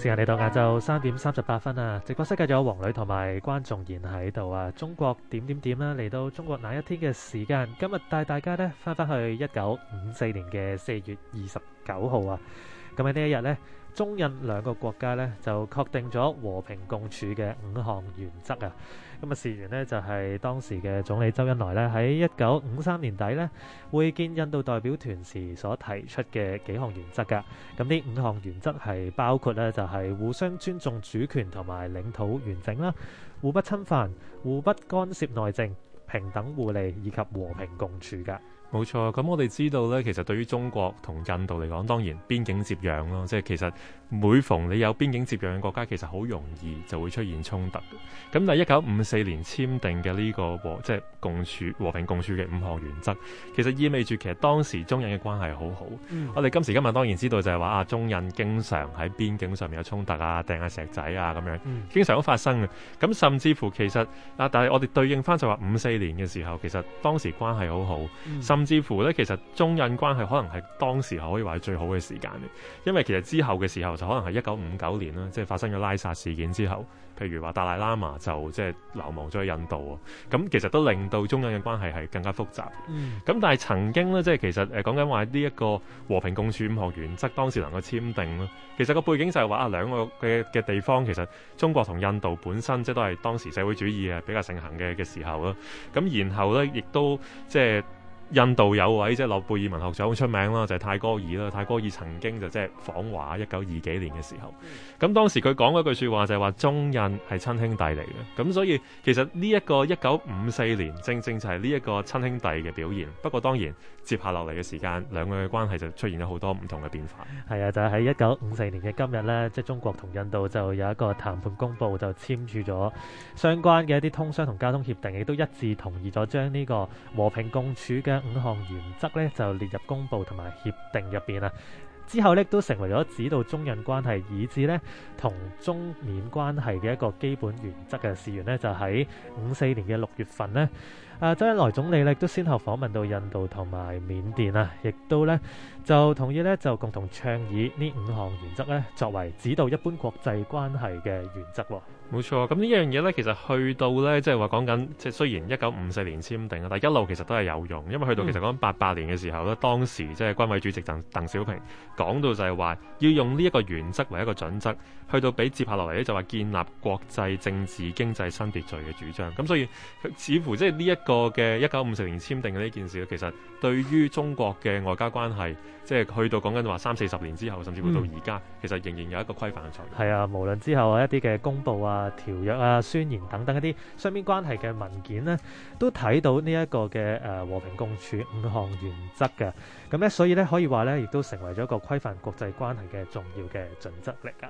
時間嚟到晏晝三點三十八分啊！直播室繼續有黃磊同埋關仲賢喺度啊！中國點點點啦、啊，嚟到中國那一天嘅時間。今日帶大家呢翻返去一九五四年嘅四月二十九號啊！咁喺呢一日咧，中印兩個國家咧就確定咗和平共處嘅五項原則啊！咁啊，事源呢就係當時嘅總理周恩來咧喺一九五三年底咧會見印度代表團時所提出嘅幾項原則噶。咁呢五項原則係包括咧就係互相尊重主權同埋領土完整啦，互不侵犯，互不干涉內政，平等互利以及和平共處噶。冇錯，咁我哋知道呢，其實對於中國同印度嚟講，當然邊境接壤咯，即係其實每逢你有邊境接壤嘅國家，其實好容易就會出現衝突。咁但係一九五四年簽訂嘅呢個和即係共處和平共處嘅五項原則，其實意味住其實當時中印嘅關係好好。嗯、我哋今時今日當然知道就係話啊，中印經常喺邊境上面有衝突啊，掟下石仔啊咁樣，經常都發生嘅。咁甚至乎其實啊，但係我哋對應翻就話五四年嘅時候，其實當時關係好好，嗯甚至乎咧，其實中印關係可能係當時可以話係最好嘅時間嘅，因為其實之後嘅時候就可能係一九五九年啦，即係發生咗拉薩事件之後，譬如話達賴喇嘛就即係流亡咗去印度啊。咁其實都令到中印嘅關係係更加複雜嘅。咁、嗯、但係曾經呢，即係其實誒講緊話呢一個和平共處五項原則，即當時能夠簽訂啦。其實個背景就係話啊兩個嘅嘅地方其實中國同印度本身即都係當時社會主義啊比較盛行嘅嘅時候啦。咁然後咧，亦都即係。印度有位即係諾貝爾文學獎好出名啦，就係泰戈爾啦。泰戈爾曾經就即係訪華一九二幾年嘅時候。咁當時佢講嗰句說話就係話中印係親兄弟嚟嘅。咁所以其實呢一個一九五四年，正正就係呢一個親兄弟嘅表現，不過當然接下落嚟嘅時間兩個嘅關係就出現咗好多唔同嘅變化。係啊，就係喺一九五四年嘅今日咧，即係中國同印度就有一個談判公布就簽署咗相關嘅一啲通商同交通協定，亦都一致同意咗將呢個和平共處嘅。五項原則咧就列入公佈同埋協定入邊啊。之後咧都成為咗指導中印關係，以致咧同中緬關係嘅一個基本原則。嘅事源咧，就喺五四年嘅六月份咧。啊，周恩來總理咧都先後訪問到印度同埋緬甸啊，亦都咧就同意咧就共同倡議呢五項原則咧作為指導一般國際關係嘅原則冇錯，咁呢樣樣嘢呢，其實去到呢，即係話講緊，即係雖然一九五四年簽訂啦，但係一路其實都係有用，因為去到其實講緊八八年嘅時候呢，嗯、當時即係軍委主席鄧鄧小平講到就係話，要用呢一個原則為一個準則，去到俾接下落嚟呢，就話建立國際政治經濟新秩序嘅主張。咁、嗯、所以似乎即係呢一個嘅一九五四年簽訂嘅呢件事其實對於中國嘅外交關係，即係去到講緊話三四十年之後，甚至乎到而家，嗯、其實仍然有一個規範嘅作用。係啊，無論之後一啲嘅公佈啊。啊、條約啊、宣言等等一啲雙邊關係嘅文件咧，都睇到呢一個嘅誒、啊、和平共處五項原則嘅，咁、啊、咧所以咧可以話咧，亦都成為咗一個規範國際關係嘅重要嘅準則嚟噶。